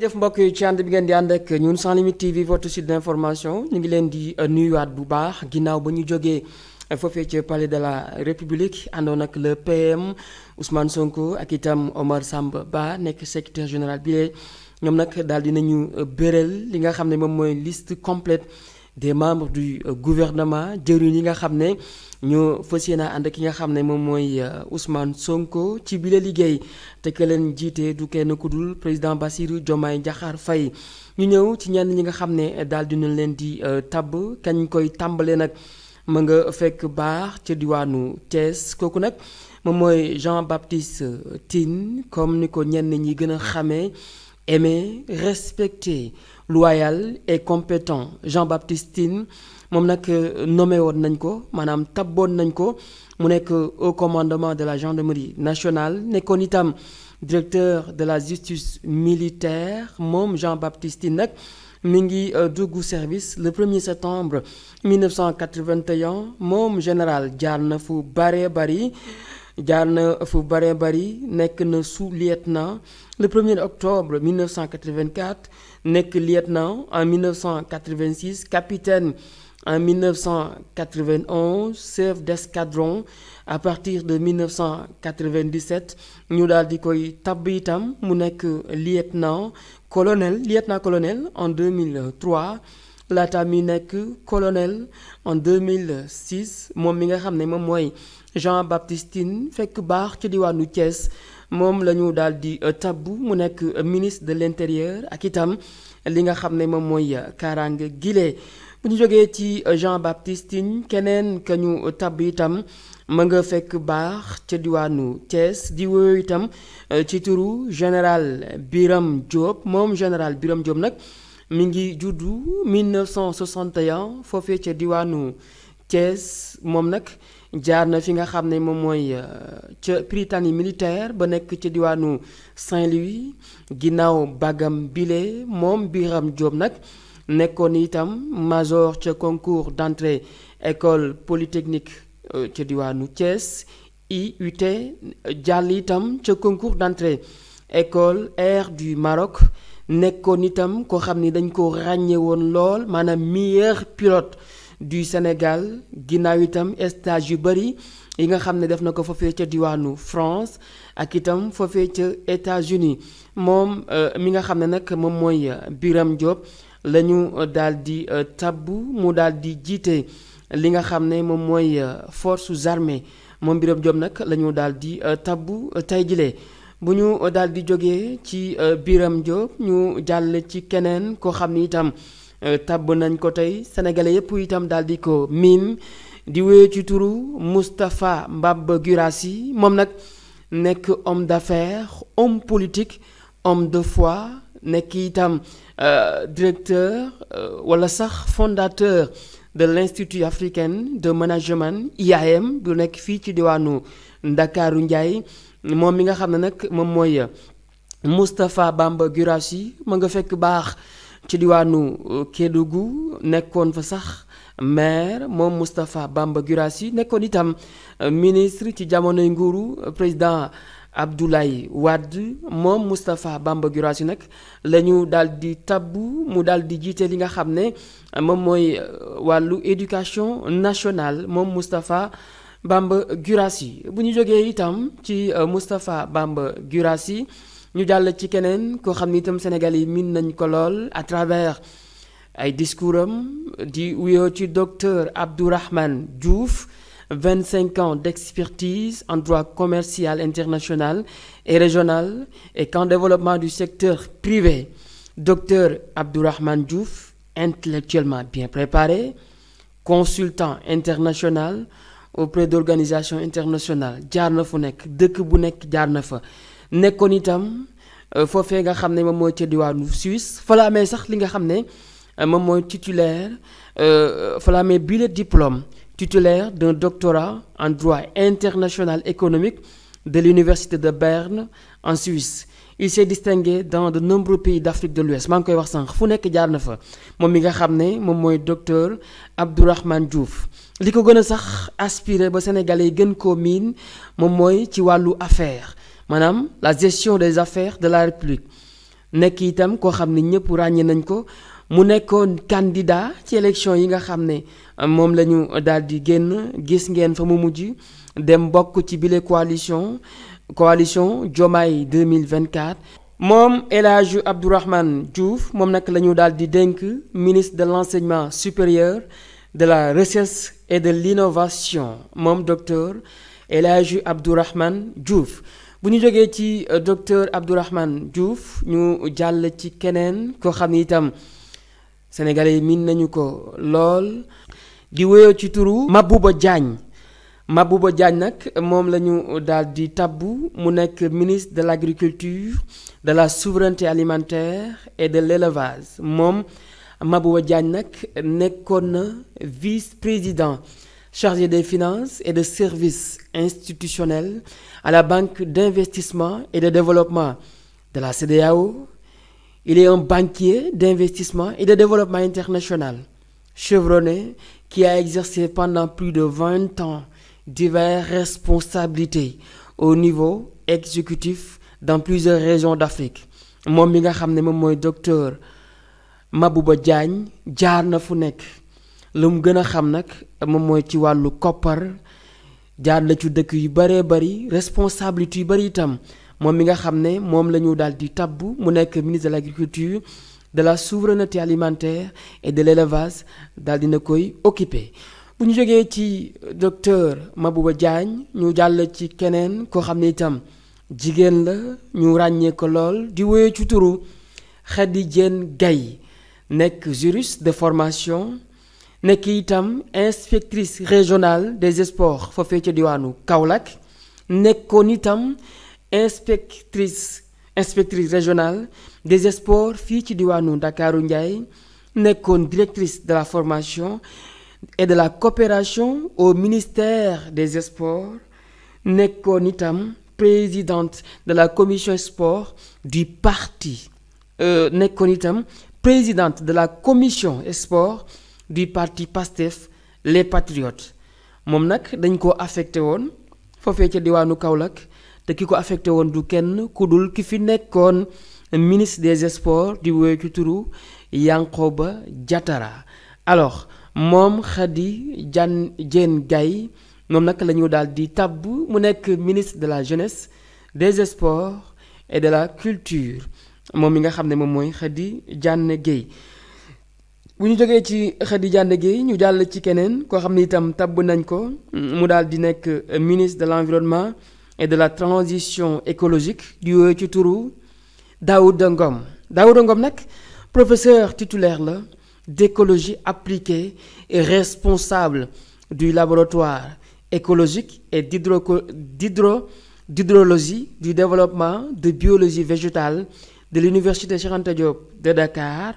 def mbokk yi ci ànd bi ngeen di ànd ak ñun sans limite TV votre site d'information ñu ngi leen di euh, nuyuwaat bu baax ginnaaw ba ñu jógee euh, foofee ci palais de la république àndoon ak la PM Ousmane Sonko ak itam Omar Samba Ba nekk secrétaire général bi lee ñoom nag daal di nañu euh, bérél li nga xam ne moom mooy liste complète des membres du gouvernement jëriñ yi nga xam ne. ñu fas yéene ànd ki nga xam ne moom mooy euh, Ousmane Sonko ci bile liggéey te ka leen jiite du kenn ku dul président Bassirou Diomaye Diakhar fay ñu ñëw ci ñenn ñi nga xam ne daal dina leen di euh, tabb kañ koy tàmbalee nag ma nga fekk baax ca diwaanu Thiès kooku nag moom mooy Jean Baptiste euh, tin comme ni ko ñenn ñi gën a xamee aimer respecter loyal et compétent Jean-Baptiste moom nag euh, nommé woon nañ ko maanaam tabboon nañ ko mu nekk au commandement de la gendarmerie nationale nekkoon itam directeur de la justice militaire moom Jean-Baptiste nag mu ngi euh, dugg service le 1er septembre 1981 moom général jaar na fu bare bari jaar na fu bare bari nekk na sous-lieutenant le 1er octobre 1984 nekk lieutenant en 1986 capitaine en 1991 chef d'escadron à partir de 1997 ñu daal di koy tabb itam mu nekk lieutenant colonel lieutenant colonel en 2003 laata mi nekk colonel en 2006 moom mi nga xam ne moom mooy. Jean Baptiste fekk baax ci diwaanu Thiès moom la ñu daal di euh, tabbu mu nekk euh, ministre de l'intérieur ak itam li nga xam ne moom mooy euh, kaaraange gile bu ñu jógee ci Jean Baptiste keneen ka ñu itam ma nga fekk baax ca diwaanu Thiès di itam ci turu général biram Diop moom général biram Diop nag mu ngi juddu 1961 foofee ca diwaanu Thiès moom nag. jaar na fi nga xam ne moom mooy euh, ca Prytanée militaire ba nekk ca diwaanu Saint-Louis ginnaaw bagam bile moom Birame Diop nag nekkoon itam major ca concours d'entrée école polytechnique euh, ca diwaanu Thiès IUT jàll itam ca concours d'entrée école air du Maroc nekkoon itam koo xam ni dañ ko ràññee woon lool maanaam meilleur pilote du Sénégal ginnaaw itam stage yu bëri yi nga xam ne def na ko foofee ca diwaanu France ak itam foofee ca États-Unis moom euh, mi nga xam ne nag moom mooy euh, Biram Diop lañu ñu euh, daal di tabb mu daal di jiite li nga xam ne moom mooy forces armées moom Biram Diop nag la ñu daal di tabb tey jilee bu ñu daal di jógee ci Biram Diop ñu jàll ci keneen koo xam ni itam Euh, tàbb nañ ko tey sénégalais yëpp itam daal di ko miin di wéy ci turu Moustapha Mbaba Guirassy moom nag nekk homme d'affaires homme politique homme de foi nekk itam euh, directeur euh, wala sax fondateur de l'Institut africain de management IAM bu nekk fii ci diwaanu Ndakaaru Ndiaye moom mi nga xam ne nag moom mooy Moustapha Bamba Guirassy ma nga fekk baax ci diwaanu euh, gu nekkoon fa sax maire moom Moustapha Bamba Guirassy nekkoon itam euh, ministre ci jamonoy nguuru euh, président Abdoulaye Wade moom Moustapha Bamba Guirassy nag lañu ñu daal di tabbu mu daal di jiite li nga xam ne moom mooy wàllu éducation national moom Moustapha Bamba Guirassy bu ñu jógee itam ci Moustapha Bamba Guirassy ñu dàll ci keneen koo xam ni itam Sénégal yi miin nañ ko lool à travers ay discours am di wuyoo ci docteur Abdourahmane juuf vingt cinq ans d'expertise en droit commercial international et régional et qu'en développement du secteur privé docteur Abdourahmane Diouf intellectuellement bien préparé consultant international auprès d'organisations international jaar na fu nekk dëkk bu nekk jaar na fa nekkoon itam euh, foofee nga xam ne moom mooy ca diwaanu Suisse fa sax li nga xam ne euh, moom mooy titulaire euh, fa la amee bii le diplôme titulaire de doctorat en droit international économique de l'université de Berne en Suisse il s'est distingué dans de nombreux pays d'Afrique de l'Ouest maa ngi koy wax sànq fu nekk jaar na fa moom mi nga xam ne moom mooy docteur Abdourahmane Diouf li ko gën a sax aspiré ba sénégalais yi gën koo miin moom mooy ci wàllu affaire maanaam la gestion des affaires de la république nekk itam koo xam ne ñëpp ràññee nañ ko mu nekkoon candidat ci élection yi nga xam ne euh, moom la ñu daal di génn gis ngeen fa mu mujj dem bokk ci bile coalition coalition Diomaye 2024 moom El Hadj Abdourahmane Diouf moom nag la ñu daal di dénk ministre de l'enseignement supérieur de la recherche et de l'innovation moom docteur El Hadj Abdourahmane Diouf bu ñu jógee ci euh, docteur Abdourahmane Diouf ñu jàll ci keneen koo xam ni itam sénégalais yi miin nañu ko lool di wéyoo ci turu Mabouba Diagne Mabouba Diagne nag moom la ñu daal di tabbu mu nekk ministre de l'agriculture de la souveraineté alimentaire et de l'élevage moom Mabouba Diagne nag nekkoon na vice-président chargé des finances et de services institutionnels à la Banque d'investissement et de développement de la CEDEAO. Il est un banquier d'investissement et de développement international chevronné qui a exercé pendant plus de 20 ans diverses responsabilités au niveau exécutif dans plusieurs régions d'Afrique moom mi nga xam ne moom mooy docteur Mabouba Diagne jaar na fu nekk la mu gën a xam nag moom mooy ci wàllu koppar jaar la ci dëkk yu baree bari responsabilité yu bari itam moom mi nga xam ne moom la ñu daal di tabb mu nekk ministre de l'agriculture de la souveraineté alimentaire et de l'élevage daal dina koy occupé bu ñu jógee ci docteur Mabouba Diagne ñu jàll ci keneen koo xam ne itam jigéen la ñu ràññee ko lool di woyee ci turu Khady Diène Gaye nekk juriste de formation nekk itam inspectrice régionale des sports foofee diwaanu Kaolack nekkoon itam inspectrice régionale des sports fii ci diwaanu Ndakaaru Ndiaye nekkoon directrice de formation et de la coopération au ministère des sports nekkoon itam présidente de la commission sport du parti euh, nekkoon itam présidente de la commission sport du parti PASTEF les patriotes moom nag dañ ko affecté woon foofee ca diwaanu Kaolack te ki ko affecté woon du kenn ku dul ki fi nekkoon ministre des sports di woy ci turu Yankhoba Diattara alors moom Khady Jan Diène Gaye moom nag la ñu daal di tàbb mu nekk ministre de la jeunesse des sports et de la culture moom yi nga xam ne moom mooy Khady Diène Gaye bu ñu jógee ci Khady Diagne Gaye ñu jàll ci keneen koo xam ne itam tabb nañ ko mu daal di nekk euh, ministre de l'environnement et de la transition écologique di woowee ci turu Daouda Ngom Ngom nag professeur titulaire la d'écologie appliquée et responsable du laboratoire écologique et d'hydro didro d'hydrologie du développement de biologie végétale de l'université Cheikh Anta Diop de Dakar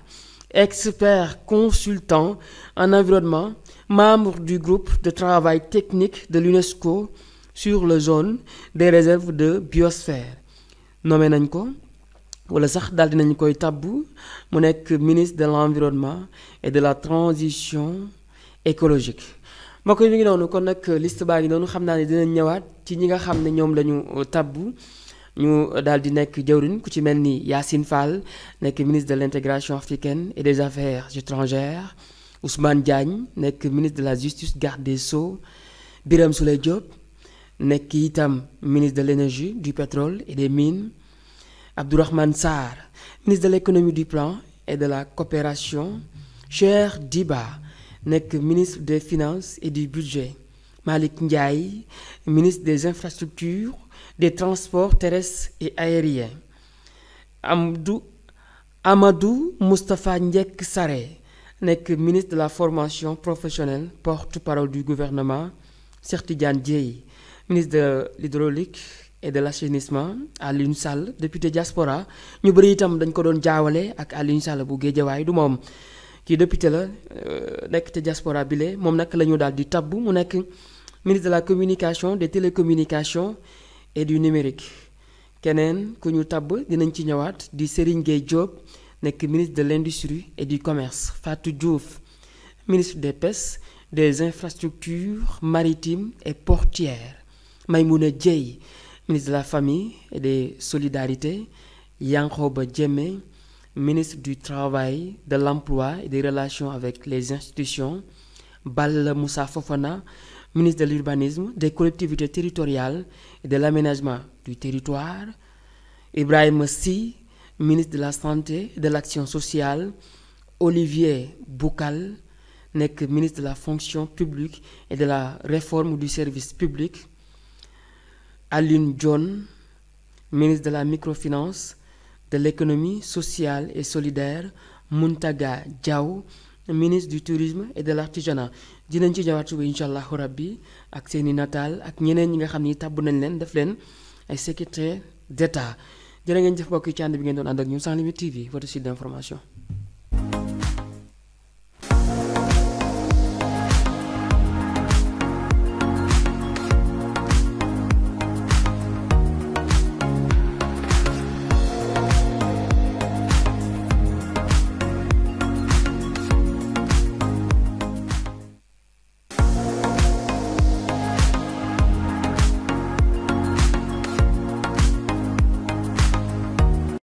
expert consultant en environnement, membre du groupe de travail technique de l'UNESCO sur le zone des réserve de biosphère nommé nañ ko wala sax daal dinañ koy tàbbu mu nekk ministre de l'environnement et de la transition écologique mbokk yi mi ngi noonu kon nag list baa ngi noonu xam naa ne dinañ ñëwaat ci ñi nga xam ne ñoom lañu ñu tàbbu ñu daal di nekk jawriñ ku ci mel ni Yacine Fall nekk ministre de l'intégration africaine et des affaires étrangères Ousmane Diagne nekk ministre de la justice garde des sceaux Birame Souleye Diop nekk itam ministre de l'énergie du pétrole et des mines Abdourahmane Sarr ministre de l'économie du plan et de la coopération Cheikh Diba nekk ministre des finances et du budget Malick Ndiaye ministre des infrastructures des transports terrestres et aériens Amadou Amadou Moustapha njekk sare nekk ministre de la formation professionnelle porte-parole du gouvernement Cheikh Tidiane Dièye ministre de l'hydraulique et de l'assainissement Alioune Sall député jaspora ñu bëri itam dañ ko doon jaawale ak Alioune Sall bu Géejawaay du moom kii député la euh, nekk te diaspora bile moom nag la ñu daal di tabb mu nekk ministre de la communication des télécommunications et du numérique keneen ku ñu tabb dinañ ci ñëwaat di Serigne Gueye Diop nekk ministre de l'industrie et du commerce Fatou Diouf ministre des pêches des infrastructures maritimes et portières Maymouna Dieye ministre de la famille et des solidarités Yankhoba Diémé ministre du travail de l'emploi et des relations avec les institutions Balla mussa Fofana ministre de l'urbanisme des collectivités territoriales et de l'aménagement du territoire Ibrahima si ministre de la santé et de l'action sociale Olivier Boucal nekk ministre de la fonction publique et de la réforme du service public Alioune Dione ministre de la microfinance de l'économie sociale et solidaire Mountaga Diaw ministre du tourisme et de l'artisanat dinañ ci ñëwaat suba incha allahu rabbi ak seen i nataal ak ñeneen ñi nga xam ni tàbb nañ leen def leen ay secrétaire d'état jërë ngeen jëf mbokk yi ci ànd bi ngeen doon ànd ak ñun sans limite TV votre d'information